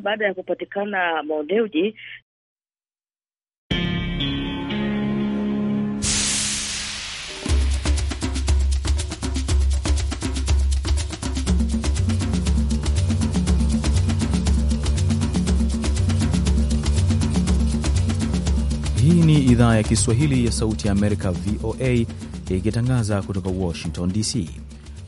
baada ya kupatikana Mondeuji. Hii ni idhaa ya Kiswahili ya Sauti ya Amerika, VOA, ikitangaza kutoka Washington DC.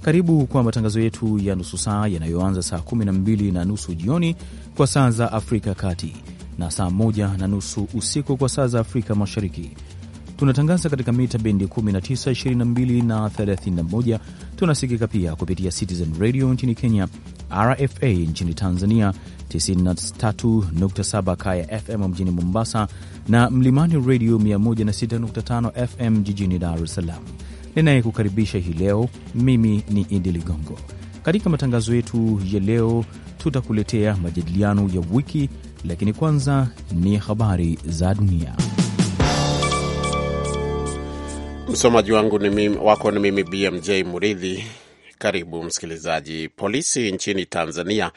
Karibu kwa matangazo yetu ya nusu saa yanayoanza saa 12 na nusu jioni kwa saa za Afrika Kati na saa 1 na nusu usiku kwa saa za Afrika Mashariki. Tunatangaza katika mita bendi 19, 22 na 31. Tunasikika pia kupitia Citizen Radio nchini Kenya, RFA nchini Tanzania, 93.7 Kaya FM mjini Mombasa na Mlimani Radio 106.5 FM jijini Dar es Salaam ninayekukaribisha hii leo mimi ni Idi Ligongo. Katika matangazo yetu ya leo tutakuletea majadiliano ya wiki, lakini kwanza ni habari za dunia. Msomaji wangu ni mimi, wako ni mimi BMJ Muridhi. Karibu msikilizaji. Polisi nchini Tanzania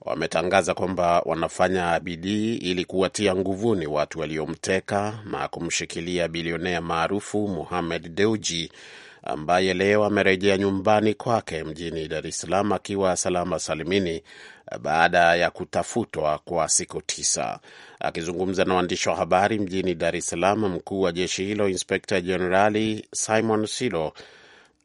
wametangaza kwamba wanafanya bidii ili kuwatia nguvuni watu waliomteka na kumshikilia bilionea maarufu Mohamed Deuji ambaye leo amerejea nyumbani kwake mjini Dar es Salaam akiwa salama salimini baada ya kutafutwa kwa siku tisa. Akizungumza na waandishi wa habari mjini Dar es Salaam, mkuu wa jeshi hilo Inspekta Jenerali Simon Silo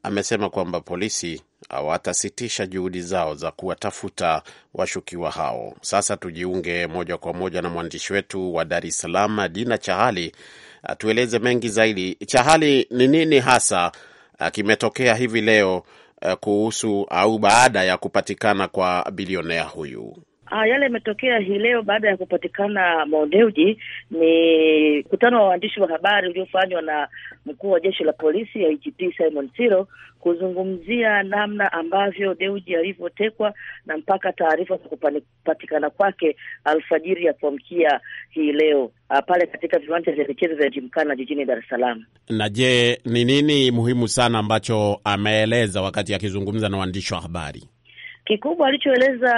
amesema kwamba polisi hawatasitisha juhudi zao za kuwatafuta washukiwa hao. Sasa tujiunge moja kwa moja na mwandishi wetu wa Dar es Salaam, Dina Chahali, atueleze mengi zaidi. Chahali, ni nini hasa Ah, kimetokea hivi leo eh, kuhusu au baada ya kupatikana kwa bilionea huyu. Ah, yale yametokea hii leo baada ya kupatikana Mondeuji ni mkutano wa waandishi wa habari uliofanywa na mkuu wa jeshi la polisi ya IGP Simon Siro kuzungumzia namna ambavyo Deuji alivyotekwa na mpaka taarifa za kupatikana kwake alfajiri ya kuamkia hii leo ah, pale katika viwanja vya michezo vya Jimkana jijini Dar es Salaam. Na je, ni nini muhimu sana ambacho ameeleza wakati akizungumza na waandishi wa habari? Kikubwa alichoeleza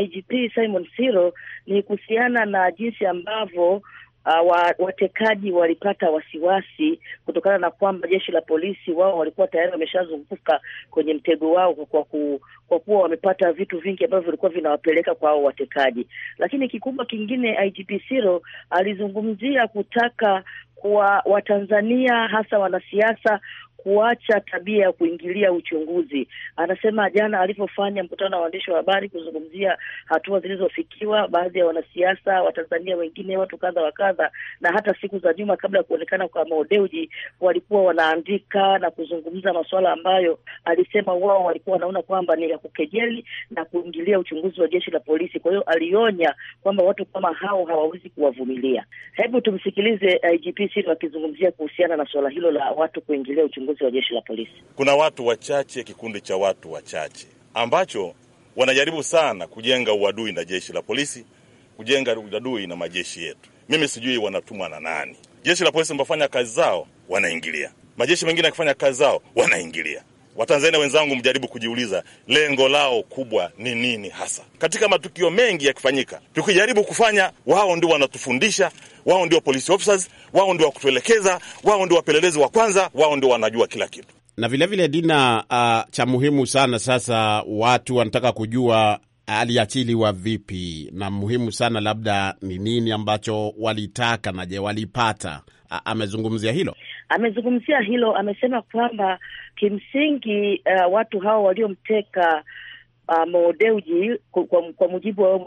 IGP Simon Siro ni kuhusiana na jinsi ambavyo Uh, watekaji walipata wasiwasi kutokana na kwamba jeshi la polisi wao walikuwa tayari wameshazunguka kwenye mtego wao kwa, ku, kwa kuwa wamepata vitu vingi ambavyo vilikuwa vinawapeleka kwa hao watekaji. Lakini kikubwa kingine, IGP Siro alizungumzia kutaka kwa Watanzania hasa wanasiasa kuacha tabia ya kuingilia uchunguzi. Anasema jana alipofanya mkutano wa waandishi wa habari kuzungumzia hatua zilizofikiwa, baadhi ya wanasiasa Watanzania wengine, watu kadha wa kadha, na hata siku za nyuma kabla ya kuonekana kwa maodeuji walikuwa wanaandika na kuzungumza masuala ambayo alisema wao walikuwa wanaona kwamba ni ya kukejeli na kuingilia uchunguzi wa jeshi la polisi. Kwa hiyo alionya kwamba watu kama hao hawawezi kuwavumilia. Hebu tumsikilize eh, IGP Siri akizungumzia kuhusiana na suala hilo la watu kuingilia uchunguzi uchunguzi wa jeshi la polisi. Kuna watu wachache, kikundi cha watu wachache ambacho wanajaribu sana kujenga uadui na jeshi la polisi, kujenga uadui na majeshi yetu. Mimi sijui wanatumwa na nani. Jeshi la polisi mbafanya kazi zao wanaingilia, majeshi mengine akifanya kazi zao wanaingilia. Watanzania wenzangu, mjaribu kujiuliza lengo lao kubwa ni nini hasa. Katika matukio mengi yakifanyika, tukijaribu kufanya, wao ndio wanatufundisha, wao ndio police officers, wao ndio wakutuelekeza, wao ndio wapelelezi wa kwanza, wao ndio wanajua kila kitu. Na vilevile vile Dina, uh, cha muhimu sana sasa, watu wanataka kujua aliachiliwa vipi, na muhimu sana labda ni nini ambacho walitaka na je, walipata? Ah, amezungumzia hilo, amezungumzia hilo, amesema kwamba kimsingi uh, watu hao waliomteka uh, eh, Mo Dewji kwa, kwa mujibu wa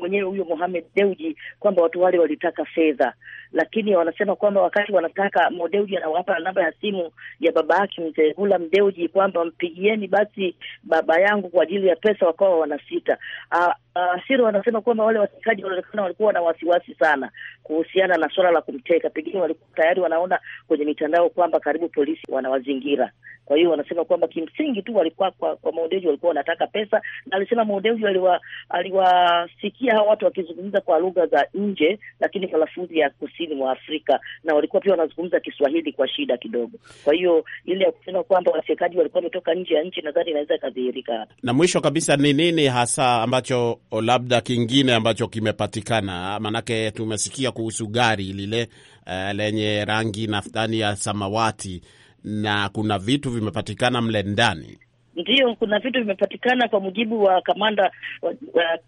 mwenyewe huyo Mohamed Dewji kwamba watu wale walitaka fedha, lakini wanasema kwamba wakati wanataka Mo Dewji anawapa namba ya simu ya baba yake Mzee Ghulam Dewji kwamba mpigieni basi baba yangu kwa ajili ya pesa, wakawa wanasita. Uh, uh, siri wanasema kwamba wale watekaji wanaonekana walikuwa na wasiwasi sana kuhusiana na swala la kumteka, pengine walikuwa tayari wanaona kwenye mitandao kwamba karibu polisi wanawazingira. Kwa hiyo wanasema kwamba kimsingi tu walikuwa kwa, kwa Maudeji walikuwa wanataka pesa, na alisema aliwasikia aliwa aliwasikia hawa watu wakizungumza kwa lugha za nje, lakini kwa lafudhi ya kusini mwa Afrika, na walikuwa pia wanazungumza Kiswahili kwa shida kidogo. Kwa hiyo ile ya kusema kwamba watekaji walikuwa wametoka nje ya nchi, nadhani inaweza ikadhihirika Na mwisho kabisa, ni nini hasa ambacho O labda kingine ambacho kimepatikana, manake tumesikia kuhusu gari lile uh, lenye rangi naftani ya samawati na kuna vitu vimepatikana mle ndani. Ndiyo, kuna vitu vimepatikana. Kwa mujibu wa kamanda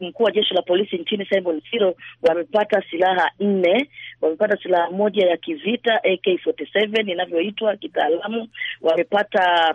mkuu wa jeshi la polisi nchini Simon Siro, wamepata silaha nne. Wamepata silaha moja ya kivita AK47 inavyoitwa kitaalamu, wamepata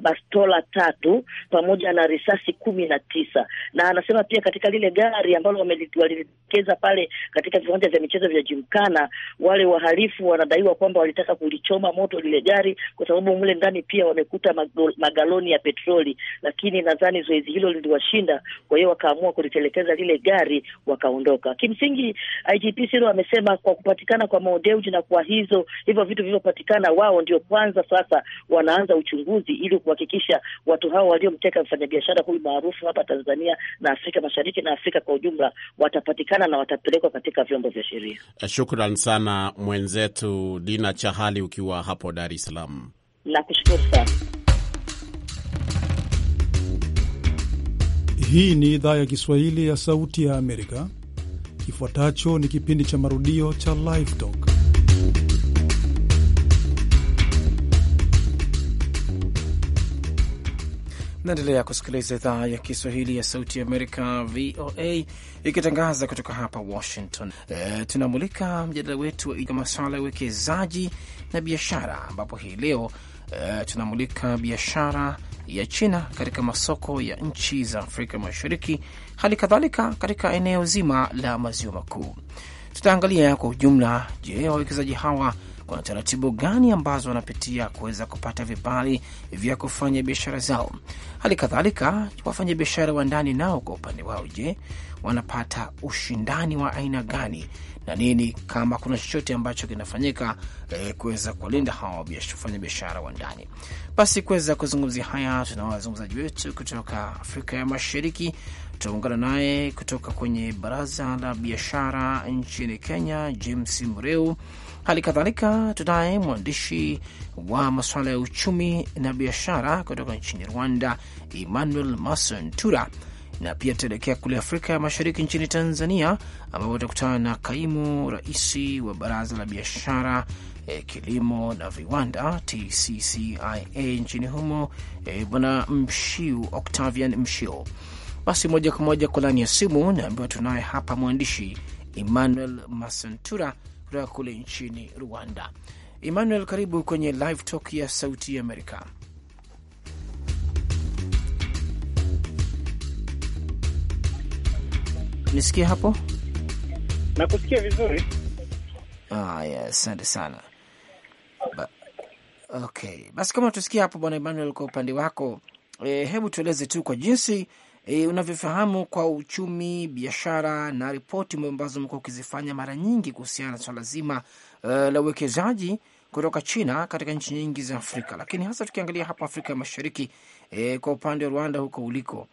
bastola tatu pamoja na risasi kumi na tisa na anasema pia katika lile gari ambalo walilekeza pale katika viwanja vya michezo vya jimkana wale wahalifu wanadaiwa kwamba walitaka kulichoma moto lile gari, kwa sababu mle ndani pia wamekuta magaloni ya petroli, lakini nadhani zoezi hilo liliwashinda, kwa hiyo wakaamua kulitelekeza lile gari wakaondoka. Kimsingi IGP Sirro amesema kwa kupatikana kwa maodeuji na kwa hizo hivyo vitu vilivyopatikana, wao ndio kwanza sasa wanaanza uchunguzi ili kuhakikisha watu hao waliomteka mfanyabiashara huyu maarufu hapa Tanzania na Afrika Mashariki na Afrika kwa ujumla watapatikana na watapelekwa katika vyombo vya sheria. Eh, shukran sana mwenzetu Dina Chahali ukiwa hapo Dar es Salaam. Nakushukuru sana. Hii ni idhaa ya Kiswahili ya Sauti ya Amerika. Kifuatacho ni kipindi cha marudio cha Live Talk. Naendelea kusikiliza idhaa ya Kiswahili ya Sauti ya Amerika, VOA, ikitangaza kutoka hapa Washington. E, tunamulika mjadala wetu wa masuala ya uwekezaji na biashara, ambapo hii leo e, tunamulika biashara ya China katika masoko ya nchi za Afrika Mashariki, hali kadhalika katika eneo zima la Maziwa Makuu. Tutaangalia kwa ujumla, je, wawekezaji hawa kuna taratibu gani ambazo wanapitia kuweza kupata vibali vya kufanya biashara zao. Hali kadhalika biashara wa ndani nao kwa upande wao, je, wanapata ushindani wa aina gani na nini, kama kuna chochote ambacho kinafanyika eh, kuweza kuwalinda hawa biashara wa ndani. Basi kuweza kuzungumzia haya, tuna wazungumzaji wetu kutoka Afrika ya Mashariki. Tutaungana naye kutoka kwenye baraza la biashara nchini Kenya, James Mreu Hali kadhalika tunaye mwandishi wa masuala ya uchumi na biashara kutoka nchini Rwanda, Emmanuel Masentura, na pia tutaelekea kule Afrika ya Mashariki, nchini Tanzania, ambapo utakutana na kaimu raisi wa Baraza la Biashara, e, Kilimo na Viwanda, TCCIA, nchini humo, e, Bwana Mshiu, Octavian Mshio. Basi moja kwa moja kwa ya simu naambiwa tunaye hapa mwandishi Emmanuel Masentura kutoka kule nchini Rwanda. Emmanuel, karibu kwenye live talk ya Sauti ya Amerika. Nisikie hapo, nakusikia vizuri. Haya, ah, asante yes, sana ba okay, basi kama tusikia hapo, Bwana Emmanuel, kwa upande wako e, hebu tueleze tu kwa jinsi e, unavyofahamu kwa uchumi, biashara na ripoti ambazo umekuwa ukizifanya mara nyingi kuhusiana na swala zima uh, la uwekezaji kutoka China katika nchi nyingi za Afrika, lakini hasa tukiangalia hapa Afrika ya Mashariki e, kwa upande wa Rwanda huko uliko,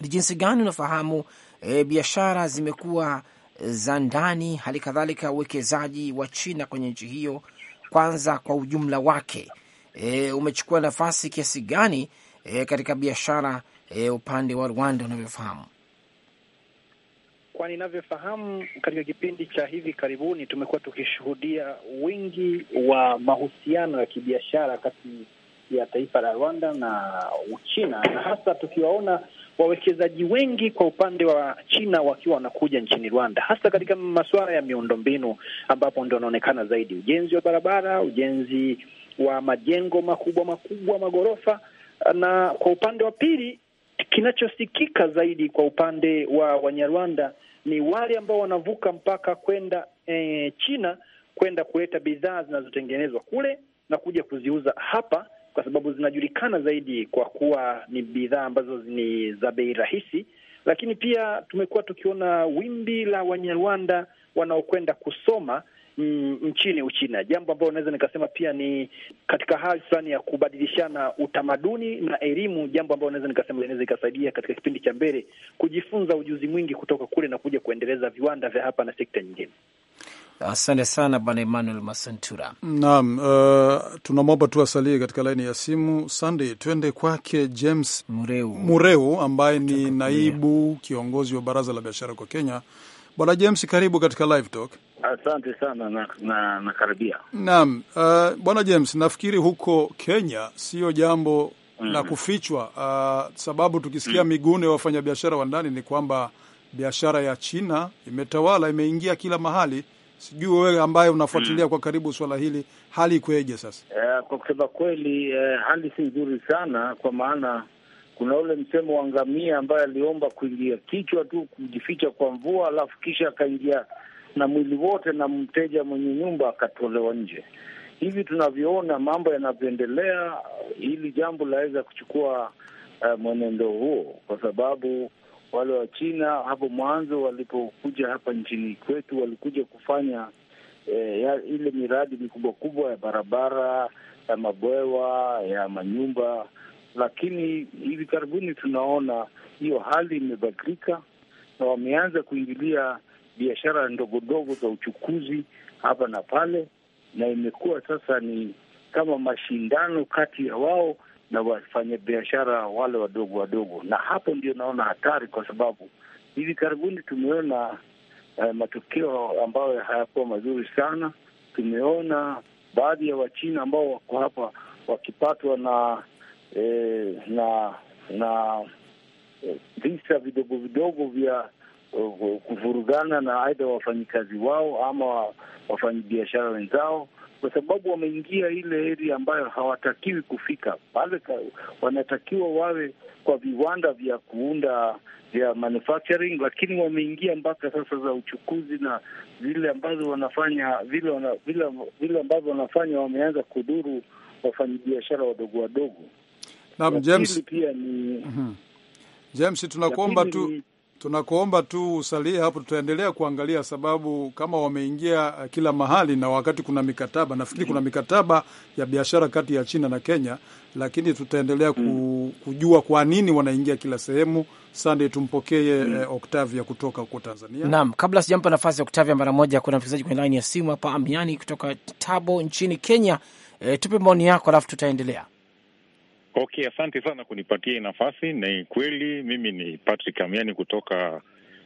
ni jinsi gani unafahamu e, biashara zimekuwa za ndani, hali kadhalika uwekezaji wa China kwenye nchi hiyo, kwanza kwa ujumla wake e, umechukua nafasi kiasi gani e, katika biashara e, upande wa Rwanda unavyofahamu? Kwa ninavyofahamu, katika kipindi cha hivi karibuni tumekuwa tukishuhudia wingi wa mahusiano ya kibiashara kati ya taifa la Rwanda na Uchina, na hasa tukiwaona wawekezaji wengi kwa upande wa China wakiwa wanakuja nchini Rwanda, hasa katika masuala ya miundombinu, ambapo ndio wanaonekana zaidi: ujenzi wa barabara, ujenzi wa majengo makubwa makubwa, maghorofa na kwa upande wa pili Kinachosikika zaidi kwa upande wa Wanyarwanda ni wale ambao wanavuka mpaka kwenda e, China kwenda kuleta bidhaa zinazotengenezwa kule na kuja kuziuza hapa, kwa sababu zinajulikana zaidi kwa kuwa ni bidhaa ambazo ni za bei rahisi. Lakini pia tumekuwa tukiona wimbi la Wanyarwanda wanaokwenda kusoma Mm, nchini Uchina, jambo ambalo naweza nikasema pia ni katika hali fulani ya kubadilishana utamaduni na elimu, jambo ambalo naweza nikasema linaweza ikasaidia katika kipindi cha mbele kujifunza ujuzi mwingi kutoka kule na kuja kuendeleza viwanda vya hapa na sekta nyingine. Asante sana Bwana Emmanuel Masantura. Naam, uh, tunamwomba tu asalie katika laini ya simu. sandey twende kwake James Mureu, Mureu ambaye ni naibu kiongozi wa baraza la biashara kwa Kenya. Bwana James, karibu katika Live Talk. Asante sana na, na, na karibia. Naam, uh, bwana James, nafikiri huko Kenya sio jambo mm la kufichwa uh, sababu tukisikia mm migune ya wafanyabiashara wa ndani ni kwamba biashara ya China imetawala, imeingia kila mahali. Sijui wewe ambaye unafuatilia mm. kwa karibu swala hili, hali ikweje sasa? Uh, kwa kusema kweli uh, hali si nzuri sana, kwa maana kuna ule msemo wa ngamia ambaye aliomba kuingia kichwa tu kujificha kwa mvua, alafu kisha akaingia na mwili wote na mteja mwenye nyumba akatolewa nje. Hivi tunavyoona mambo yanavyoendelea, hili jambo linaweza kuchukua uh, mwenendo huo, kwa sababu wale wa China hapo mwanzo walipokuja hapa nchini kwetu walikuja kufanya eh, ya, ile miradi mikubwa kubwa ya barabara ya mabwewa ya manyumba, lakini hivi karibuni tunaona hiyo hali imebadilika na wameanza kuingilia biashara ndogo ndogo za uchukuzi hapa na pale, na imekuwa sasa ni kama mashindano kati ya wao na wafanyabiashara wale wadogo wadogo, na hapo ndio naona hatari, kwa sababu hivi karibuni tumeona eh, matokeo ambayo hayakuwa mazuri sana. Tumeona baadhi ya Wachina ambao wako hapa wakipatwa na eh, na na eh, visa vidogo vidogo vya Uh, kuvurugana na aidha wafanyikazi wao ama wafanyabiashara wenzao, kwa sababu wameingia ile area ambayo hawatakiwi kufika pale. Wanatakiwa wawe kwa viwanda vya kuunda vya manufacturing, lakini wameingia mpaka sasa za uchukuzi na vile ambazo wanafanya vile wana, vile, vile ambavyo wanafanya wameanza kudhuru wafanyabiashara wadogo wadogo. Naam, James pia ni mm -hmm. James, tunakuomba tu tunakuomba tu usalie hapo, tutaendelea kuangalia sababu kama wameingia uh, kila mahali, na wakati kuna mikataba nafikiri, kuna mikataba ya biashara kati ya China na Kenya, lakini tutaendelea kujua kwa nini wanaingia kila sehemu. sande tumpokee mm. eh, Octavia kutoka huko Tanzania. Naam, kabla sijampa nafasi ya Octavia mara moja, kuna msikilizaji kwenye laini ya simu hapa, Amiani kutoka Tabo nchini Kenya. Eh, tupe maoni yako alafu tutaendelea. Okay, asante sana kunipatia nafasi. Ni kweli mimi ni Patrick Amiani kutoka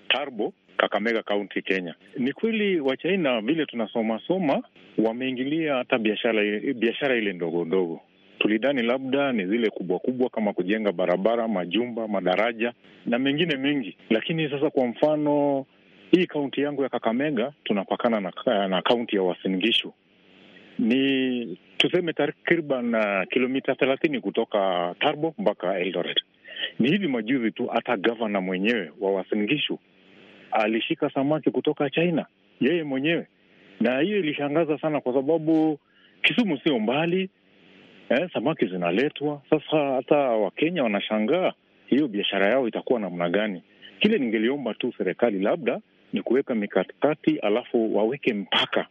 Tarbo, Kakamega kaunti Kenya. Ni kweli Wachaina vile tunasomasoma wameingilia hata biashara biashara ile ndogo ndogo. Tulidhani labda ni zile kubwa kubwa kama kujenga barabara, majumba, madaraja na mengine mengi, lakini sasa kwa mfano hii kaunti yangu ya Kakamega tunapakana na kaunti ya Wasingishu ni tuseme takriban uh, kilomita thelathini kutoka Tarbo mpaka Eldoret. Ni hivi majuzi tu hata gavana mwenyewe wa Wasingishu alishika samaki kutoka China yeye mwenyewe, na hiyo ilishangaza sana kwa sababu Kisumu sio mbali eh, samaki zinaletwa. Sasa hata Wakenya wanashangaa hiyo biashara yao itakuwa namna gani? Kile ningeliomba tu serikali labda ni kuweka mikakati, alafu waweke mpaka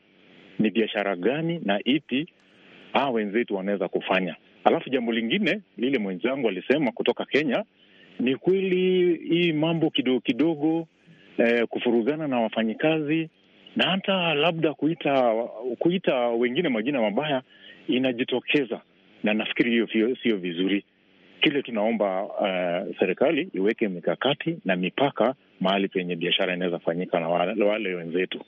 ni biashara gani na ipi hawa ah, wenzetu wanaweza kufanya. Alafu jambo lingine lile mwenzangu alisema kutoka Kenya ni kweli, hii mambo kidogo kidogo eh, kufurugana na wafanyikazi na hata labda kuita kuita wengine majina mabaya inajitokeza, na nafikiri hiyo sio vizuri. Kile tunaomba uh, serikali iweke mikakati na mipaka mahali penye biashara inaweza fanyika na wale wenzetu.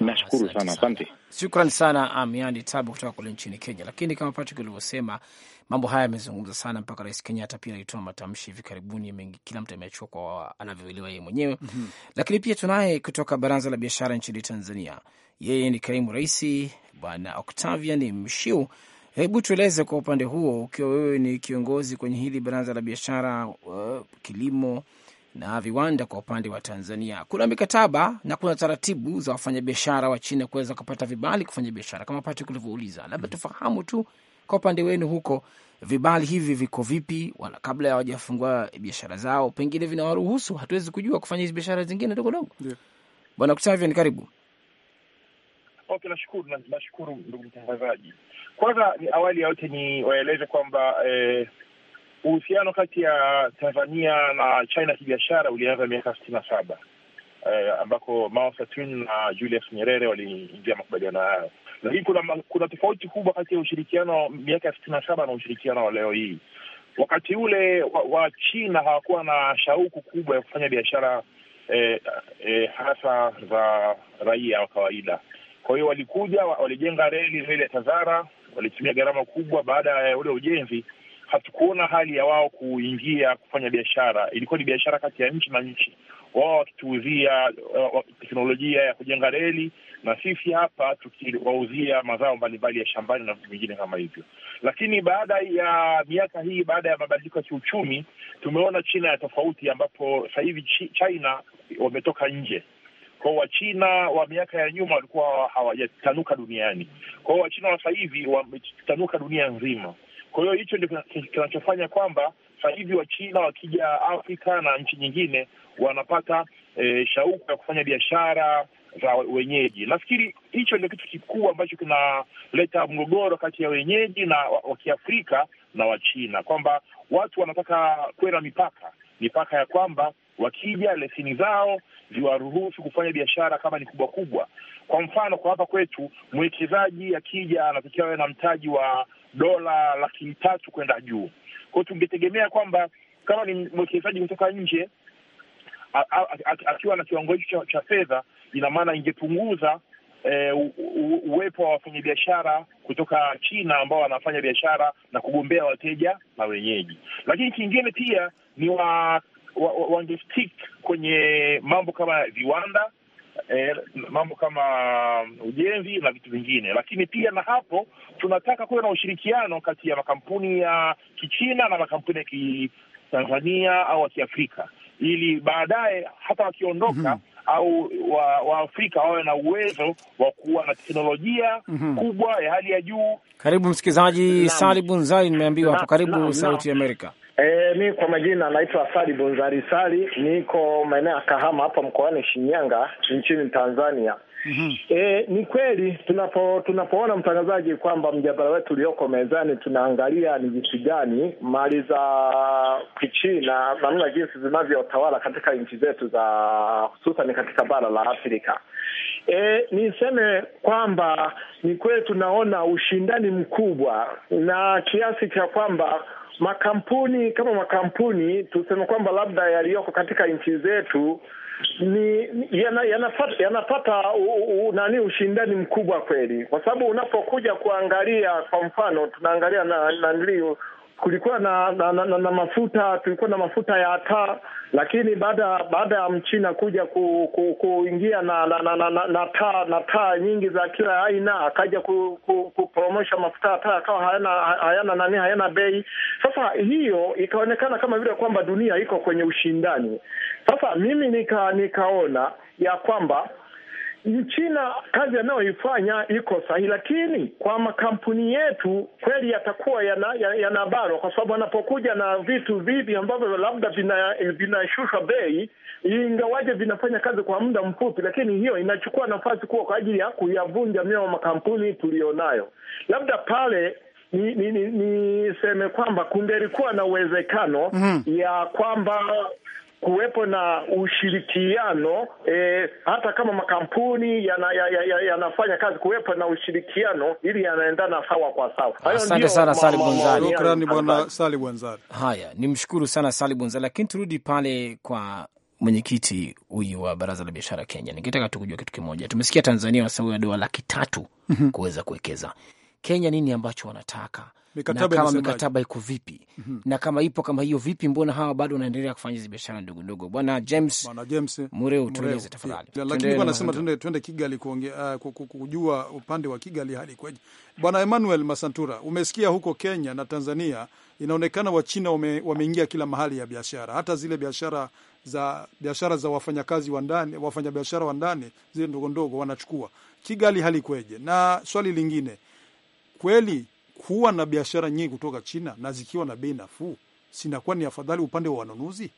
Nashukuru sana, asante. Shukrani sana Amiandi Tabu kutoka kule nchini Kenya. Lakini kama Patrick ulivyosema, mambo haya yamezungumza sana, mpaka Rais Kenyatta pia alitoa matamshi hivi karibuni mengi, kila mtu ameachua kwa anavyoelewa yeye mwenyewe mm -hmm. Lakini pia tunaye kutoka Baraza la Biashara nchini Tanzania, yeye ni kaimu raisi Bwana Octavian Mshiu. Hebu tueleze kwa upande huo, ukiwa wewe ni kiongozi kwenye hili baraza la biashara, uh, kilimo na viwanda kwa upande wa Tanzania. Kuna mikataba na kuna taratibu za wafanyabiashara wa China kuweza kupata vibali kufanya biashara kama Patrick ulivyouliza, labda mm-hmm. tufahamu tu kwa upande wenu huko vibali hivi viko vipi? Wala kabla ya wajafungua biashara zao, pengine vinawaruhusu, hatuwezi kujua kufanya hizi biashara zingine ndogo ndogo. Yeah. Bwana Kutavian, karibu. Okay, nashukuru nashukuru ndugu mtangazaji. Kwanza ni awali ya yote ni waeleze kwamba eh, uhusiano kati ya Tanzania na China kibiashara ulianza miaka sitini na saba eh, ambako Mao na Julius Nyerere waliingia makubaliano hayo, lakini kuna, kuna tofauti kubwa kati ya ushirikiano miaka ya sitini na saba na ushirikiano wa leo hii. Wakati ule wa, wa China hawakuwa na shauku kubwa ya kufanya biashara eh, eh, hasa za raia wa kawaida. Kwa hiyo walikuja walijenga reli, reli ya Tazara, walitumia gharama kubwa. Baada ya ule ujenzi hatukuona hali ya wao kuingia kufanya biashara. Ilikuwa ni biashara kati ya nchi na nchi, wao wakituuzia uh, teknolojia ya kujenga reli na sisi hapa tukiwauzia mazao mbalimbali ya shambani na vitu vingine kama hivyo. Lakini baada ya miaka hii, baada ya mabadiliko ya kiuchumi, tumeona China ya tofauti, ambapo sasa hivi China wametoka nje kwao Wachina wa miaka ya nyuma walikuwa hawajatanuka duniani. Kwao Wachina wa sasa hivi wametanuka dunia nzima. Kwa hiyo hicho ndio kinachofanya kwamba sasa hivi Wachina wakija Afrika na nchi nyingine wanapata e, shauku ya kufanya biashara za wenyeji. Nafikiri hicho ndio kitu kikubwa ambacho kinaleta mgogoro kati ya wenyeji na wa Kiafrika na Wachina, kwamba watu wanataka na mipaka mipaka ya kwamba wakija lesini zao ziwaruhusu kufanya biashara kama ni kubwa kubwa. Kwa mfano, kwa hapa kwetu mwekezaji akija anatakiwa awe na mtaji wa dola laki tatu kwenda juu. Kwa hiyo tungetegemea kwamba kama ni mwekezaji kutoka nje akiwa na kiwango hicho cha fedha, ina maana ingepunguza e, uwepo wa wafanyabiashara kutoka China ambao wanafanya biashara na kugombea wateja na wenyeji. Lakini kingine pia ni wa, wa, wa, kwenye mambo kama viwanda eh, mambo kama um, ujenzi na vitu vingine, lakini pia na hapo tunataka kuwe na ushirikiano kati ya makampuni ya Kichina na makampuni ya Kitanzania au ya Kiafrika ili baadaye hata wakiondoka mm -hmm. au Waafrika wa wawe na uwezo wa kuwa na teknolojia mm -hmm. kubwa ya hali ya juu. Karibu msikilizaji salibunzai nimeambiwa hapo. Karibu Sauti ya Amerika. E, mi kwa majina naitwa Sali Bunzari Sali, niko maeneo ya Kahama hapa mkoani Shinyanga nchini Tanzania. mm -hmm. E, ni kweli tunapo tunapoona mtangazaji kwamba mjadala wetu ulioko mezani tunaangalia ni jinsi gani mali za Kichina namna jinsi zinavyotawala katika nchi zetu za hususan katika bara la Afrika. E, niseme kwamba ni kweli tunaona ushindani mkubwa na kiasi cha kwamba makampuni kama makampuni tuseme kwamba labda yaliyoko katika nchi zetu ni yanapata yana yana nani ushindani mkubwa kweli, kwa sababu unapokuja kuangalia, kwa mfano tunaangalia na nanili kulikuwa na na, na, na na mafuta tulikuwa na mafuta ya taa, lakini baada baada ya mchina kuja ku, ku, kuingia na na, na, na, na, taa na taa nyingi za kila aina, akaja ku, ku, kupromosha mafuta ya taa akawa hayana hayana nani hayana bei. Sasa hiyo ikaonekana kama vile kwamba dunia iko kwenye ushindani. Sasa mimi nika nikaona ya kwamba Mchina kazi anayoifanya iko sahihi, lakini kwa makampuni yetu kweli yatakuwa yanabarwa ya kwa sababu anapokuja na vitu vivi ambavyo labda vinashushwa vina bei, ingawaje vinafanya kazi kwa muda mfupi, lakini hiyo inachukua nafasi kuwa kwa ajili ya kuyavunja mioyo makampuni tuliyonayo. Labda pale niseme ni, ni, ni kwamba kungelikuwa na uwezekano mm -hmm. ya kwamba kuwepo na ushirikiano e, hata kama makampuni yanafanya ya, ya, ya, ya kazi, kuwepo na ushirikiano ili yanaendana sawa kwa sawa. Asante sana Sali Bunzali, shukrani bwana Sali Bunzali. Haya, ni mshukuru sana Sali Bunzali, lakini turudi pale kwa mwenyekiti huyu wa baraza la biashara Kenya. Ningetaka tu kujua kitu kimoja. Tumesikia Tanzania wanasema dola laki tatu mhm. kuweza kuwekeza Kenya, nini ambacho wanataka mikataba kama mikataba iko vipi? mm -hmm. na kama ipo kama hiyo vipi, mbona hawa bado wanaendelea kufanya hizi biashara ndogo ndogo? Bwana James, Bwana James eh, Mureu, tueleze tafadhali. Lakini bwana nasema twende twende Kigali kuongea uh, kujua upande wa Kigali hali kweje. Bwana Emmanuel Masantura, umesikia huko Kenya na Tanzania inaonekana Wachina wameingia kila mahali ya biashara, hata zile biashara za biashara za wafanyakazi wa ndani, wafanyabiashara wa ndani zile ndogo ndogo wanachukua. Kigali hali kweje? Na swali lingine, kweli kuwa na biashara nyingi kutoka China na zikiwa na bei nafuu, sinakuwa ni afadhali upande wa wanunuzi?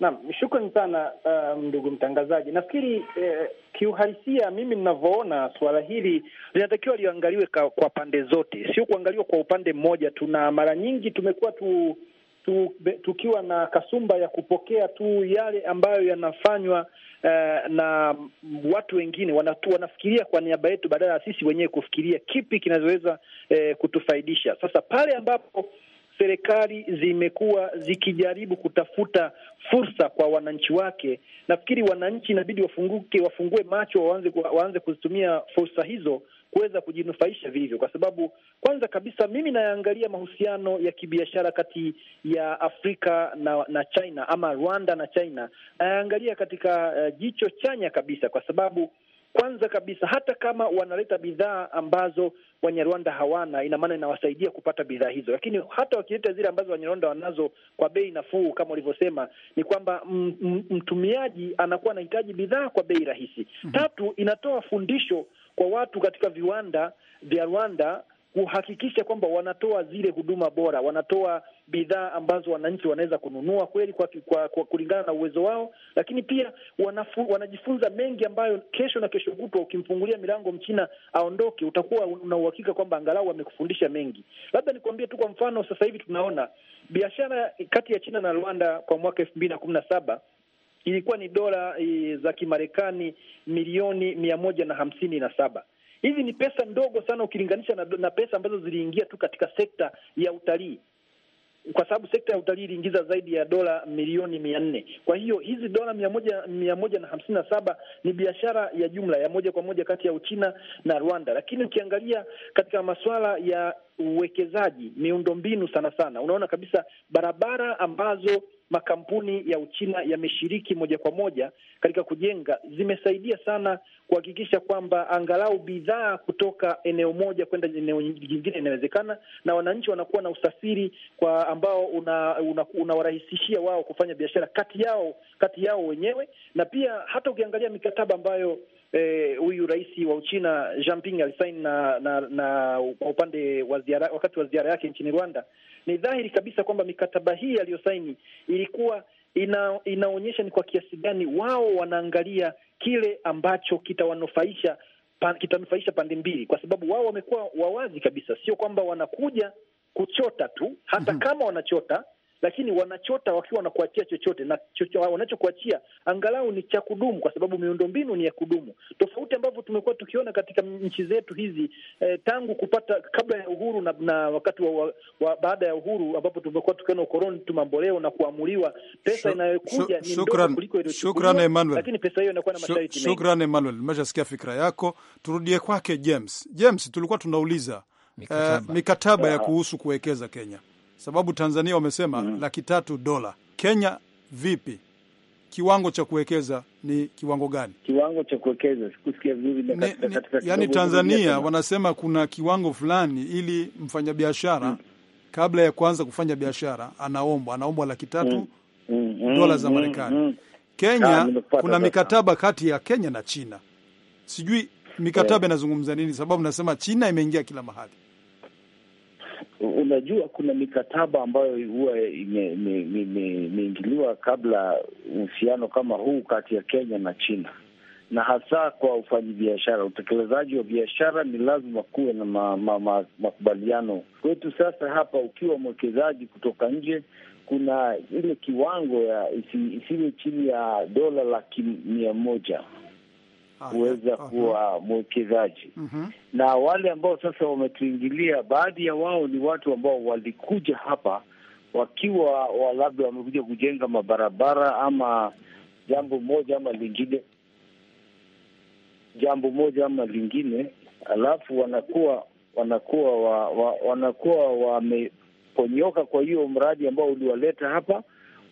Naam, shukrani sana ndugu uh, ndugu mtangazaji. Nafikiri eh, kiuhalisia, mimi ninavyoona, suala hili linatakiwa liangaliwe kwa pande zote, sio kuangaliwa kwa upande mmoja tu, na mara nyingi tumekuwa tu tu, tukiwa na kasumba ya kupokea tu yale ambayo yanafanywa uh, na watu wengine wanatu, wanafikiria kwa niaba yetu badala ya sisi wenyewe kufikiria kipi kinachoweza uh, kutufaidisha. Sasa pale ambapo serikali zimekuwa zikijaribu kutafuta fursa kwa wananchi wake, nafikiri wananchi inabidi wafunguke, wafungue macho, waanze waanze kuzitumia fursa hizo kuweza kujinufaisha vilivyo, kwa sababu kwanza kabisa mimi nayaangalia mahusiano ya kibiashara kati ya Afrika na, na China ama Rwanda na China, nayaangalia katika uh, jicho chanya kabisa, kwa sababu kwanza kabisa hata kama wanaleta bidhaa ambazo Wanyarwanda hawana, ina maana inawasaidia kupata bidhaa hizo, lakini hata wakileta zile ambazo Wanyarwanda wanazo kwa bei nafuu, kama ulivyosema, ni kwamba mtumiaji anakuwa anahitaji bidhaa kwa bei rahisi. mm -hmm. Tatu, inatoa fundisho kwa watu katika viwanda vya Rwanda kuhakikisha kwamba wanatoa zile huduma bora, wanatoa bidhaa ambazo wananchi wanaweza kununua kweli kwa, kwa, kwa kulingana na uwezo wao, lakini pia wanafu, wanajifunza mengi ambayo kesho na kesho kutwa ukimfungulia milango mchina aondoke, utakuwa una uhakika kwamba angalau wamekufundisha mengi. Labda nikuambie tu kwa mfano, sasa hivi tunaona biashara kati ya China na Rwanda kwa mwaka elfu mbili na kumi na saba ilikuwa ni dola za Kimarekani milioni mia moja na hamsini na saba. Hizi ni pesa ndogo sana ukilinganisha na, na pesa ambazo ziliingia tu katika sekta ya utalii, kwa sababu sekta ya utalii iliingiza zaidi ya dola milioni mia nne. Kwa hiyo hizi dola mia moja mia moja na hamsini na saba ni biashara ya jumla ya moja kwa moja kati ya Uchina na Rwanda, lakini ukiangalia katika masuala ya uwekezaji miundombinu, sana sana unaona kabisa barabara ambazo makampuni ya Uchina yameshiriki moja kwa moja katika kujenga, zimesaidia sana kuhakikisha kwamba angalau bidhaa kutoka eneo moja kwenda eneo jingine inawezekana, na wananchi wanakuwa na usafiri kwa ambao unawarahisishia una, una wao kufanya biashara kati yao kati yao wenyewe, na pia hata ukiangalia mikataba ambayo eh, huyu e, rais wa Uchina Jinping alisaini na na, na upande wa ziara, wakati wa ziara yake nchini Rwanda ni dhahiri kabisa kwamba mikataba hii aliyosaini ilikuwa ina, inaonyesha ni kwa kiasi gani wao wanaangalia kile ambacho kitawanufaisha kitanufaisha pande mbili, kwa sababu wao wamekuwa wawazi kabisa, sio kwamba wanakuja kuchota tu, hata mm -hmm. kama wanachota lakini wanachota wakiwa wanakuachia chochote na chocho, wanachokuachia angalau ni cha kudumu, kwa sababu miundombinu ni ya kudumu, tofauti ambavyo tumekuwa tukiona katika nchi zetu hizi eh, tangu kupata kabla ya uhuru na, na wakati wa, wa, wa baada ya uhuru ambapo tumekuwa tukiona ukoloni tumamboleo na kuamuliwa pesa inayokuja ni ndogo kuliko iliyochukuliwa, lakini pesa hiyo inakuwa na mengi. Shukran Emmanuel, nimeshasikia fikra yako, turudie kwake James. James, tulikuwa tunauliza mikataba, eh, mikataba ya ah. kuhusu kuwekeza Kenya sababu Tanzania wamesema mm laki tatu dola. Kenya vipi? Kiwango cha kuwekeza ni kiwango gani? Kiwango cha kuwekeza sikusikia vizuri. Yani Tanzania wanasema kuna kiwango fulani, ili mfanyabiashara mm kabla ya kuanza kufanya biashara anaombwa anaombwa laki tatu mm mm. mm. dola za mm. Marekani mm mm. Kenya ah, Kaa, kuna mikataba kati ya Kenya na China, sijui mikataba eh. inazungumza yeah. nini, sababu nasema China imeingia kila mahali Unajua, kuna mikataba ambayo huwa imeingiliwa kabla uhusiano kama huu kati ya Kenya na China, na hasa kwa biashara, utekelezaji wa biashara ni lazima kuwe na ma, ma, ma, makubaliano. Kwetu sasa hapa, ukiwa mwekezaji kutoka nje, kuna ile kiwango ya isi, isiwe chini ya dola laki mia moja kuweza kuwa mwekezaji mm -hmm. Na wale ambao sasa wametuingilia, baadhi ya wao ni watu ambao walikuja hapa wakiwa labda wamekuja kujenga mabarabara ama jambo moja ama lingine, jambo moja ama lingine, alafu wanakuwa wanakuwa wa, wa, wanakuwa wameponyoka kwa hiyo mradi ambao uliwaleta hapa,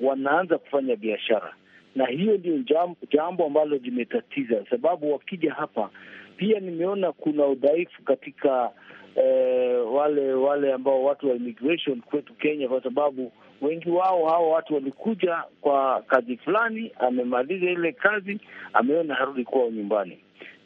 wanaanza kufanya biashara na hiyo ndio jambo, jambo ambalo limetatiza, sababu wakija hapa pia nimeona kuna udhaifu katika eh, wale wale ambao watu wa immigration kwetu Kenya, kwa sababu wengi wao hao watu walikuja kwa kazi fulani, amemaliza ile kazi, ameona harudi kwao nyumbani.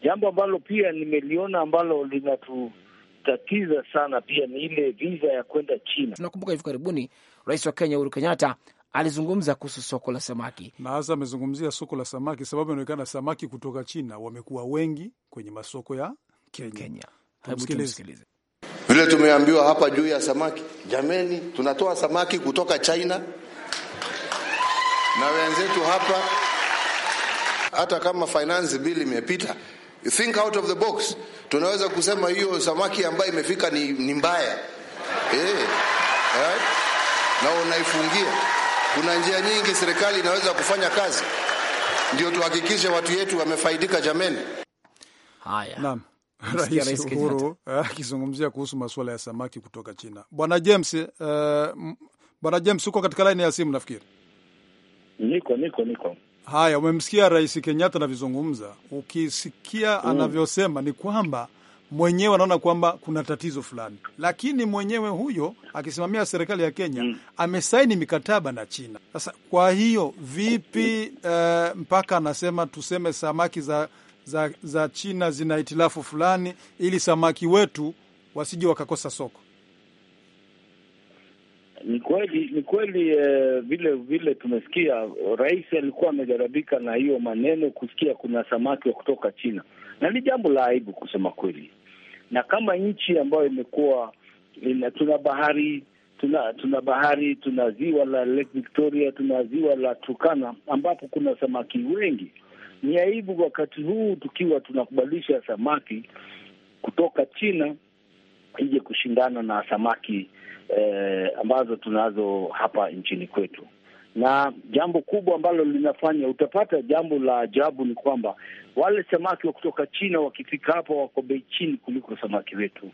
Jambo ambalo pia nimeliona ambalo linatutatiza sana pia ni ile visa ya kwenda China. Tunakumbuka hivi karibuni rais wa Kenya Uhuru Kenyatta alizungumza kuhusu soko la samaki, na hasa amezungumzia soko la samaki sababu inaonekana samaki kutoka China wamekuwa wengi kwenye masoko ya Kenya, Kenya. Tumsikilize. Vile tumeambiwa hapa juu ya samaki, jameni, tunatoa samaki kutoka China na wenzetu hapa, hata kama finance bill imepita, think out of the box, tunaweza kusema hiyo samaki ambayo imefika ni, ni mbaya eh, right? na unaifungia kuna njia nyingi serikali inaweza kufanya kazi, ndio tuhakikishe watu yetu wamefaidika. Jameni, haya naam. Rais Uhuru eh, akizungumzia kuhusu masuala ya samaki kutoka China. Bwana James, uh, Bwana James uko katika laini ya simu nafikiri. Niko niko niko. Haya, umemsikia Rais Kenyatta anavyozungumza. Ukisikia mm. anavyosema ni kwamba mwenyewe anaona kwamba kuna tatizo fulani, lakini mwenyewe huyo akisimamia serikali ya Kenya mm. amesaini mikataba na China. Sasa kwa hiyo vipi uh, mpaka anasema tuseme samaki za, za, za China zina hitilafu fulani ili samaki wetu wasije wakakosa soko? Ni kweli ni kweli eh, vile vile tumesikia rais alikuwa amejaribika na hiyo maneno kusikia kuna samaki wa kutoka China, na ni jambo la aibu kusema kweli, na kama nchi ambayo imekuwa tuna bahari tuna tuna bahari tuna ziwa la Lake Victoria, tuna ziwa la Turkana ambapo kuna samaki wengi. Ni aibu wakati huu tukiwa tunakubalisha samaki kutoka China ije kushindana na samaki eh, ambazo tunazo hapa nchini kwetu na jambo kubwa ambalo linafanya utapata jambo la ajabu ni kwamba wale samaki wa kutoka China wakifika hapa wako bei chini kuliko samaki wetu.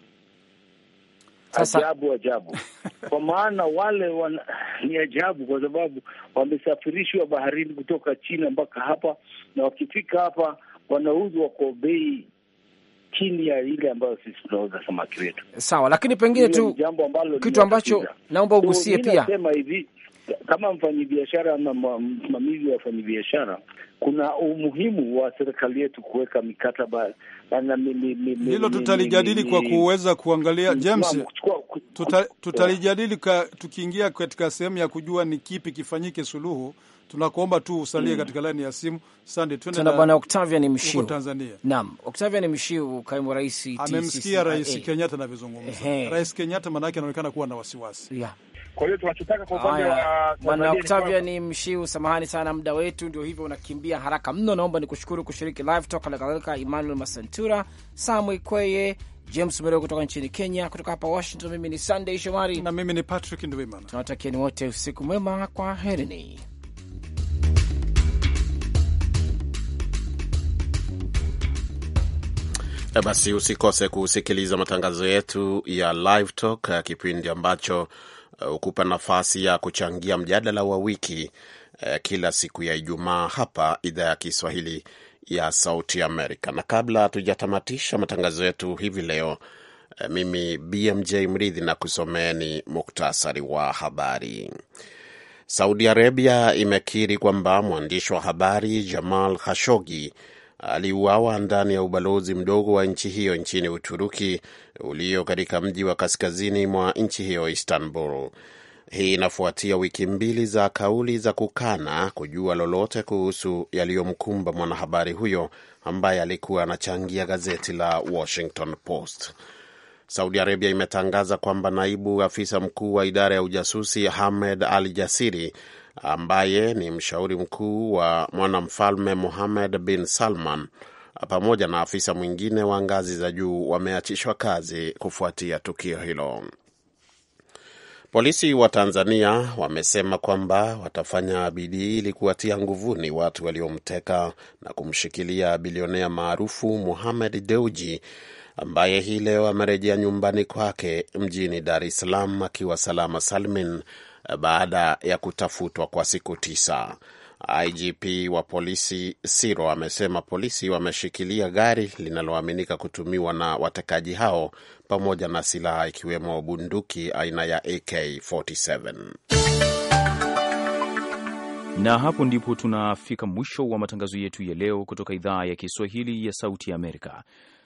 Ajabu, ajabu kwa maana wale wan... ni ajabu kwa sababu wamesafirishwa baharini kutoka China mpaka hapa, na wakifika hapa wanauzwa kwa bei chini ya ile ambayo sisi tunauza samaki wetu. Sawa, lakini pengine tu jambo ambalo kitu ambacho naomba ugusie pia, nasema hivi kama mfanyabiashara ama msimamizi wa wafanyabiashara, kuna umuhimu wa serikali yetu kuweka mikataba. Hilo tutalijadili kwa kuweza kuangalia mm, James, tutalijadili tukiingia katika sehemu ya kujua ni kipi kifanyike suluhu. Tunakuomba tu usalie mm, katika laini ya simu sande. Twende na bwana Octavian Mshiu Tanzania. Naam, Octavian Mshiu, kaimu rais, amemsikia rais Kenyatta anavyozungumza. Rais Kenyatta maana anaonekana kuwa na wasiwasi yeah. Kwa hiyo tunachotaka kwa upande wa Bwana Octavia ni Mshiu, samahani sana, muda wetu ndio hivyo unakimbia haraka mno. Naomba nikushukuru kushiriki live talk, hali kadhalika Emmanuel Masantura, Samwe Kweye, James Mero kutoka nchini Kenya. Kutoka hapa Washington, mimi ni Sunday Shomari na mimi ni Patrick Ndwimana. Tunawatakieni wote usiku mwema, kwa herini. Basi usikose kusikiliza matangazo yetu ya Live Talk, kipindi ambacho hukupa uh, nafasi ya kuchangia mjadala wa wiki eh, kila siku ya Ijumaa hapa idhaa ya Kiswahili ya Sauti Amerika. Na kabla hatujatamatisha matangazo yetu hivi leo, eh, mimi BMJ Mridhi na kusomeeni muktasari wa habari. Saudi Arabia imekiri kwamba mwandishi wa habari Jamal Khashoggi aliuawa ndani ya ubalozi mdogo wa nchi hiyo nchini Uturuki ulio katika mji wa kaskazini mwa nchi hiyo Istanbul. Hii inafuatia wiki mbili za kauli za kukana kujua lolote kuhusu yaliyomkumba mwanahabari huyo ambaye alikuwa anachangia gazeti la Washington Post. Saudi Arabia imetangaza kwamba naibu afisa mkuu wa idara ya ujasusi Hamed Al Jasiri ambaye ni mshauri mkuu wa mwanamfalme Mohammed bin Salman pamoja na afisa mwingine wa ngazi za juu wameachishwa kazi kufuatia tukio hilo. Polisi wa Tanzania wamesema kwamba watafanya bidii ili kuwatia nguvuni watu waliomteka na kumshikilia bilionea maarufu Mohamed Deuji ambaye hii leo amerejea nyumbani kwake mjini Dar es Salaam akiwa salama salmin baada ya kutafutwa kwa siku tisa. IGP wa polisi Siro amesema polisi wameshikilia gari linaloaminika kutumiwa na watekaji hao pamoja na silaha ikiwemo bunduki aina ya AK47. Na hapo ndipo tunafika mwisho wa matangazo yetu ya leo kutoka idhaa ya Kiswahili ya Sauti ya Amerika.